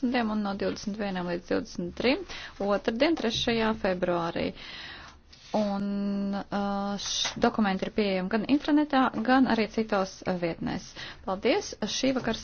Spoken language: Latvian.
12. un no 21. līdz 23. otrdien 3. februārī. Un uh, š, dokumenti ir pieejami gan internetā, gan arī citos uh, vietnēs. Paldies! Šī vakars.